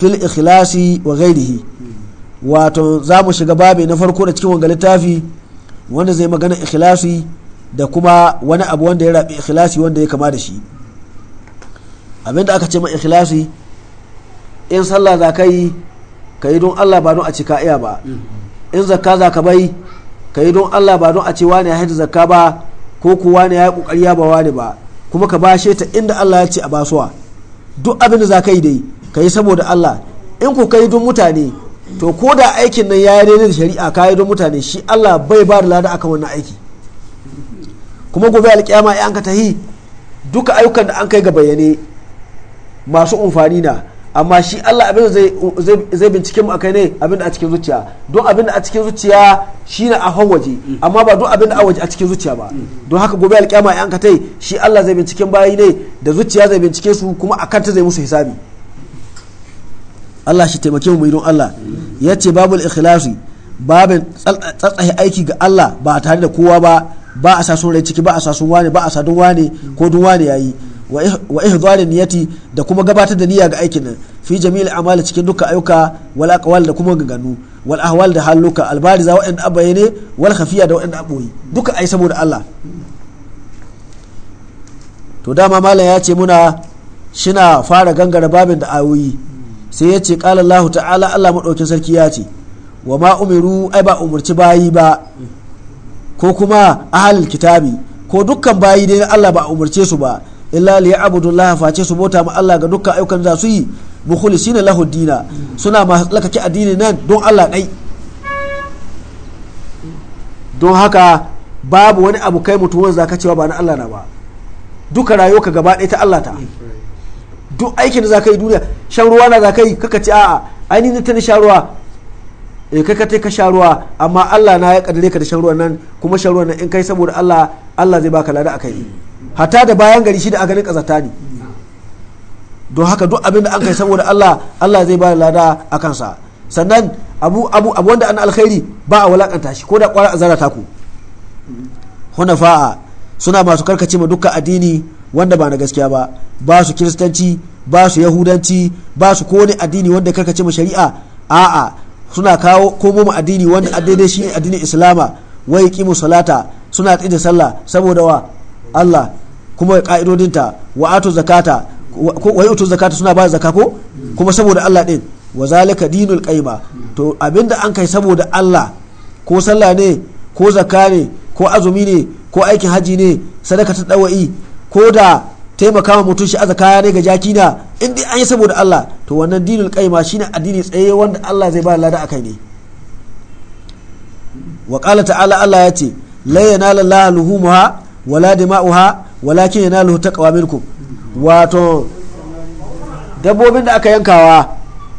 fil ikhlasi wa ghairihi wato za mu shiga babi na farko da cikin wanga littafi wanda zai magana ikhlasi da kuma wani abu wanda ya rabi ikhlasi wanda ya kama da shi abinda aka ce ma ikhlasi in sallah za ka yi ka yi don Allah ba don a cika iya ba in zakka za ka bai ka yi don Allah ba don a ce wani ya haita zakka ba ko ku wani ya yi kokari ya ba wani ba kuma ka bashe ta inda Allah ya ce a basuwa duk abin da za ka yi dai ka yi saboda Allah in ku kai don mutane to ko da aikin nan ya yi daidai da shari'a ka yi don mutane shi Allah bai ba da lada akan wannan aiki kuma gobe alƙiyama ya an ka tahi duka ayyukan da an kai ga bayyane masu amfani na amma shi Allah abin zai bincike mu akai ne abin da a cikin zuciya don abin da a cikin zuciya shi na a hawaje amma ba don abin da a waje a cikin zuciya ba don haka gobe alƙiyama ya an ka tai shi Allah zai bincike bayi ne da zuciya zai bincike su kuma a ta zai musu hisabi Allah shi taimake mu don Allah ya ce babul ikhlasi babin tsatsahi aiki ga Allah ba tare da kowa ba ba a sasun rai ciki ba a sasun wane ba a sadun wane ko dun wane yayi wa ihdhar niyyati da kuma gabatar da niyya ga aikin nan fi jami'il amali cikin duka ayyuka wal aqwal da kuma ganganu wal ahwal da haluka albariza wa'anda abayene wal khafiya da wa'anda aboyi duka ai saboda Allah to dama malam ya ce muna shina fara gangara babin da ayoyi sai ya ce kala Allah ta'ala Allah maɗaukin sarki ya ce wa ma umiru ai ba umarci bayi ba ko kuma ahalil kitabi ko dukkan bayi dai Allah ba umarce su ba illa li ya'budullaha face su bota ma Allah ga dukkan ayyukan za su yi mukhlisina lahu dina suna masu lakaki addini nan don Allah dai don haka babu wani abu kai mutum wanda zaka cewa ba na Allah na ba duka rayuwa gaba ɗaya ta Allah ta duk aikin da za ka yi duniya shan ruwa na za ka yi kaka ce a'a ainihin ta na sha ruwa e eh, kaka ta ka sharuwa amma Allah na ya kaddare ka da shan nan kuma shan nan in kai saboda Allah Allah zai baka lada akai hata da bayan gari shi da a ganin kazata ne don haka duk abin da an kai saboda Allah Allah zai ba lada a kansa sannan abu abu abu wanda an alkhairi ba a walakanta shi ko da kwara a ta ku hunafa'a suna masu karkace ma dukkan addini wanda ba na gaskiya ba ba su kiristanci ba su yahudanci ba su kowane addini wanda karkace mu shari'a a'a suna kawo komo mu addini wanda addini shi addinin islama wai kimu salata suna tsaye sallah saboda wa Allah kuma ka'idodinta wa ato zakata ko wai utu zakata suna ba zaka ko kuma saboda Allah din wa zalika dinul qayyima to abinda an kai saboda Allah ko sallah ne ko zakka ne ko azumi ne ko aikin haji ne sadaka ta dawa'i ko da taimaka wa mutum shi aza kaya ne ga jaki na in dai an yi saboda Allah to wannan dinul qayyima shine addini tsaye wanda Allah zai ba lada akai ne wa qala ta'ala Allah ya ce la yanala Allah luhumha wala dima'uha walakin yanaluhu taqwa minkum wato dabbobin da aka yankawa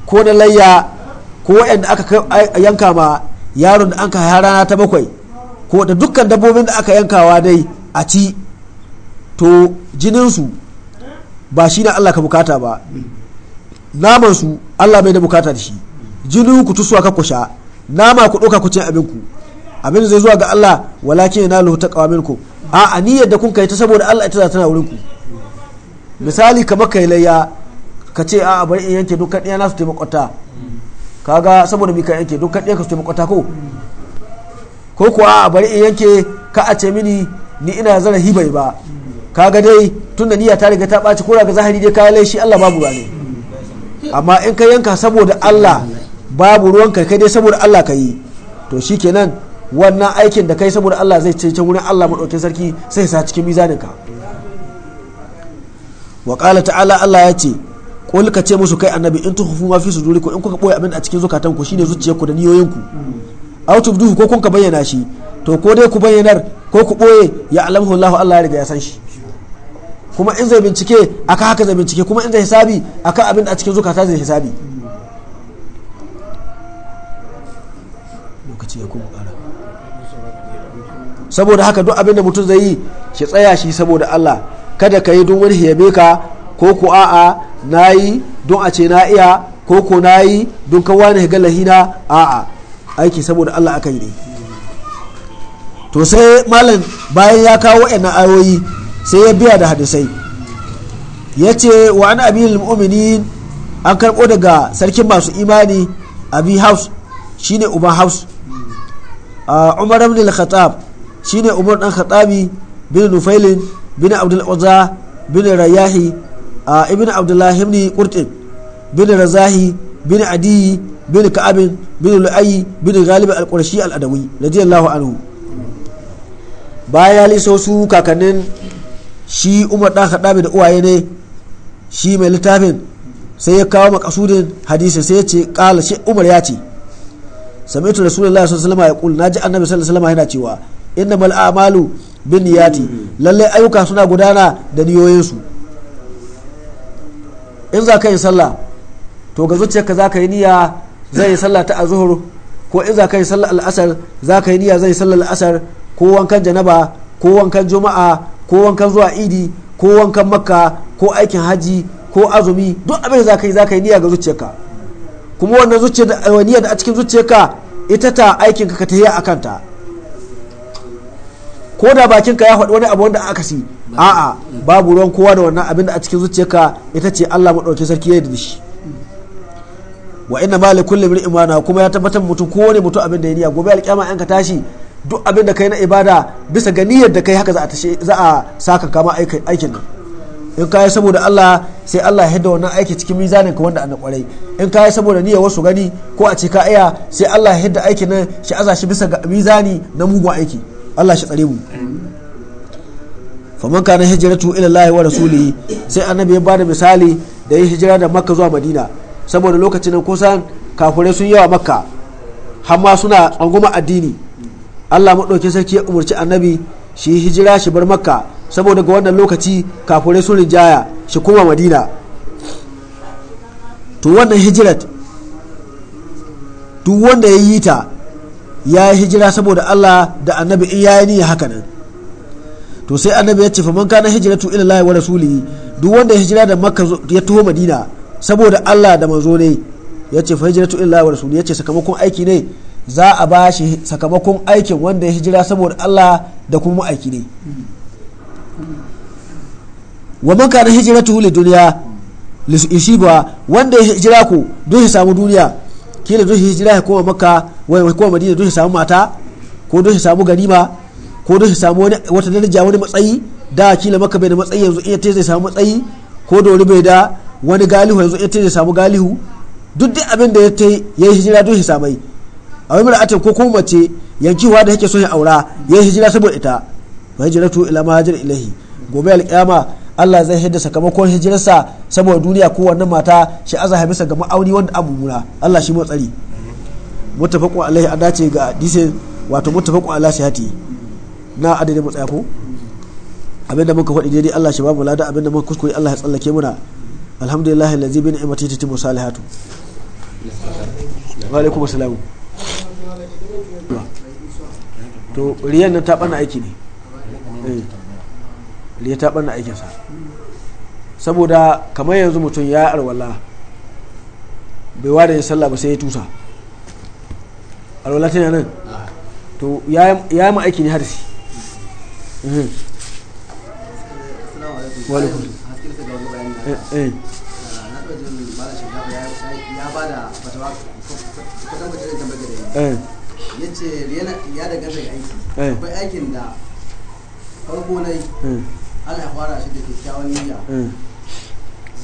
ko na layya ko waɗanda aka yanka ma yaron da an ka rana ta bakwai ko da dukkan dabbobin da aka yankawa dai a ci to jininsu ba shi na Allah ka bukata ba namansu Allah bai da bukata da shi jinin ku tusuwa ka kusha nama ku ɗauka ku cin abin ku abin zai zuwa ga Allah walakin na lahu ta kawamin ku a aniyar da kun kai ta saboda Allah ita za tana wurin ku misali kamar kai layya ka ce a bari in yanke dukkan ɗaya nasu taimakwata kaga saboda mika yanke dukkan ɗaya ka su taimakwata ko ko kuwa a bari in yanke ka a ce mini ni ina zara hibai ba ka ga dai tunda niyya ta riga ta ɓaci ko ga zahiri dai kayan laishi Allah babu ne amma in ka yanka saboda Allah babu ruwan kai dai saboda Allah ka yi to shikenan wannan aikin da kai saboda Allah zai cece wurin Allah maɗaukin sarki sai sa cikin ka wa qala ta'ala Allah ya ce qul ka ce musu kai annabi in tukhfu ma fi sudurikum in kuka boye abin a cikin zukatanku shine zuciyarku da niyoyinku aw tubduhu ko kun ka bayyana shi to ko dai ku bayyanar ko ku boye ya alamhu Allah Allah ya riga ya san shi kuma in zai bincike aka haka zai bincike kuma in zai hisabi aka abin da a cikin zukata zai hisabi lokaci ya kuma saboda haka duk abin da mutum zai yi shi tsaya shi saboda Allah kada ka yi don wani hiyabe ka ko ko a'a na yi don a ce na iya ko ko na yi don kan wani higa lahina a'a aiki saboda Allah aka yi ne to sai malam bayan ya kawo wa'annan ayoyi sai ya biya da hadisai ya ce wa an abin mu'minin an karɓo daga sarkin masu imani abi house shine uban house umar ibn al-khattab shine umar dan khattabi bin nufailin bin abdul uzza bin rayahi ibn abdullahi ibn qurtin bin razahi bin adi bin ka'abin bin lu'ayi bin ghalib al-qurashi al-adawi radiyallahu anhu baya liso su kakannin shi umar ɗan haɗabi da uwaye ne shi mai littafin sai ya kawo makasudin hadisi sai ya ce ƙala shi umar ya ce samitu rasulullah sallallahu sun salama ya na ji annabi sallallahu salama yana cewa innamal a'malu bin niyati lalle ayyuka suna gudana da niyoyinsu in za ka yi sallah to ga zuciyarka za ka yi niyya zai yi sallah ta azhur ko in za ka yi sallah al'asar za ka yi niyya zai yi sallah al'asar ko wankan janaba ko wankan juma'a ko wankan zuwa idi ko wankan makka ko aikin haji ko azumi duk abin da za ka yi yi niyya ga zuciyarka kuma wannan eh, niyyar da a cikin zuciyarka ita ta aikinka ka tahiya a kanta ko da bakinka ya faɗi wani abu wanda aka si a'a babu ruwan kowa da wannan abin da a cikin zuciyarka ita ce Allah maɗauki sarki ya da shi wa inna ma likulli imana kuma ya tabbatar mutum ne mutum abin da ya niyya gobe alƙiyama an ka tashi duk abin da kai na ibada bisa ga niyyar da kai haka za a tashi za a saka kama aikin nan in kai saboda Allah sai Allah ya hidda wannan aiki cikin mizanin ka wanda annabi kwarai in kai saboda niyyar wasu gani ko a ce ka iya sai Allah ya hidda aikin nan shi aza shi bisa ga mizani na mugun aiki Allah shi tsare mu faman kana hijratu ila Allah wa rasulihi sai annabi ya bada misali da yi hijira da Makka zuwa Madina saboda lokacin nan kusan kafirai sun yawa Makka har ma suna tsangwama addini Allah maɗaukin sarki ya umarci annabi shi hijira shi bar makka saboda ga wannan lokaci kafurai sun rinjaya shi kuma madina to wannan hijirat duk wanda ya yi ta ya yi hijira saboda Allah da annabi in ya yi niyya haka nan to sai annabi ya ce fa man kana hijratu ila Allah wa rasuli duk wanda ya hijira da makka ya taho madina saboda Allah da manzo ne ya ce fa hijratu ila Allah wa rasuli ya ce sakamakon aiki ne za a ba shi sakamakon aikin wanda ya hijira saboda Allah da kuma aiki ne wa man kana hijratuhu li duniya lishi ba wanda ya hijira ku don shi samu duniya kila don shi hijira ya koma wani wai koma madina don shi samu mata ko don shi samu ganima ko don shi samu wata daraja wani matsayi da kila maka bai da matsayi yanzu iya ta zai samu matsayi ko da wani bai da wani galihu yanzu iya ta zai samu galihu duk da abin da ya ta yi hijira don shi samai a wani ra'atin ko kuma mace yankiwa da yake so ya aura ya hijira saboda ita wa hijratu ila ma hajar ilahi gobe alƙiyama Allah zai hidda sakamakon hijirarsa saboda duniya ko wannan mata shi azaha bisa ga ma'auni wanda abu muna Allah shi motsari mutafaqun alaihi an dace ga hadisi wato mutafaqun ala shahati na adadin matsaya ko abinda muka faɗi daidai Allah shi babu lada abinda muka kuskure Allah ya tsallake muna alhamdulillah allazi bi ni'matihi tatimmu salihatu wa alaikum assalam to riyan nan ta bana aiki ne eh, riya ta bana aikinsa saboda kamar yanzu mutum ya arwala bai ware yin sallah ba sai ya tusa alwala tana nan to ya yi ma aiki ne harsi ya ba da fatawa ya ce ya daga zai aiki eh. akwai aikin da farko na yi ana fara shi da kyakkyawan niyya hmm.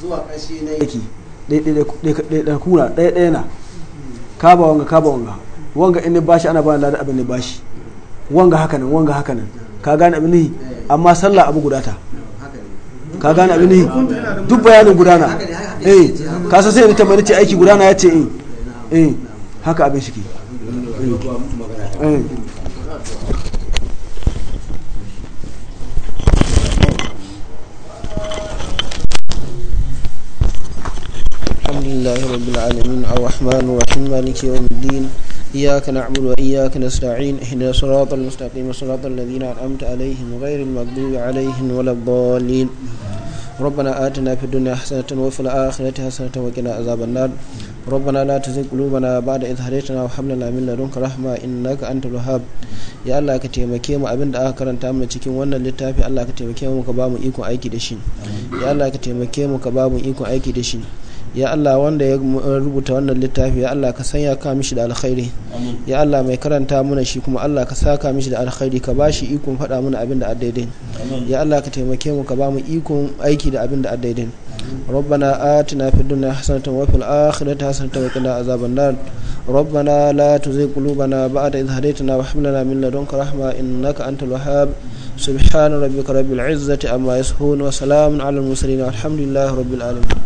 zuwa ƙarshe na yi ɗaya kura ɗaya ɗaya na kaba wanga kaba wanga wanga in bashi ana bani ladan abin ne bashi wanga hakanan wanga hakanan ka gane abin ne eh. amma sallah abu gudata ka gane abin ne duk bayanin gudana eh ka san sai ni tambaye ce aiki gudana ya ce eh, eh haka abin shi ke الحمد لله رب العالمين الرحمن الرحيم مالك يوم الدين إياك نعبد وإياك نستعين اهدنا الصراط المستقيم صراط الذين أنعمت عليهم غير المغضوب عليهم ولا الضالين ربنا آتنا في الدنيا حسنة وفي الآخرة حسنة وقنا عذاب النار ربنا لا تزغ قلوبنا بعد إذ هديتنا وهب لنا من لدنك رحمة إنك أنت الوهاب يا الله ka taimake mu abin da aka karanta mana cikin wannan littafi Allah ka taimake mu ka ba mu ikon aiki da shi ya Allah ka taimake mu ka ba mu ikon aiki da shi ya Allah wanda ya rubuta wannan littafi ya Allah ka sanya ka mishi da alkhairi ya Allah mai karanta mana shi kuma Allah ka saka mishi da alkhairi ka ba shi ikon faɗa mana abin da a ya Allah ka taimake mu ka ba mu ikon aiki da abin da a ربنا آتنا في الدنيا حسنة وفي الآخرة حسنة وقنا عذاب النار ربنا لا تزغ قلوبنا بعد إذ هديتنا وهب لنا من لدنك رحمة إنك أنت الوهاب سبحان ربك رب العزة عما يصفون وسلام على المرسلين والحمد لله رب العالمين